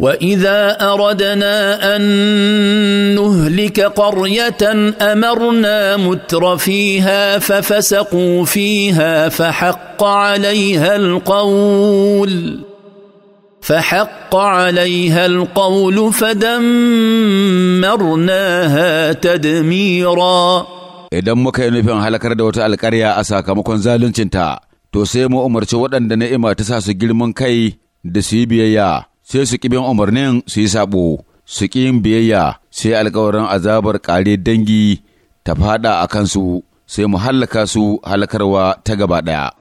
واذا اردنا ان نهلك قريه امرنا متر فيها ففسقوا فيها فحق عليها القول فحق عليها القول فدمرناها تدميرا idan muka yi nufin halakar da wata alkarya a sakamakon zaluncinta to sai mu umarci waɗanda ni'ima ta sa su girman kai da su yi biyayya sai su ƙi umarnin su yi saɓo, su ƙi yin biyayya sai alkawarin azabar ƙare dangi ta faɗa a kansu sai mu hallaka su halakarwa ta gaba ɗaya.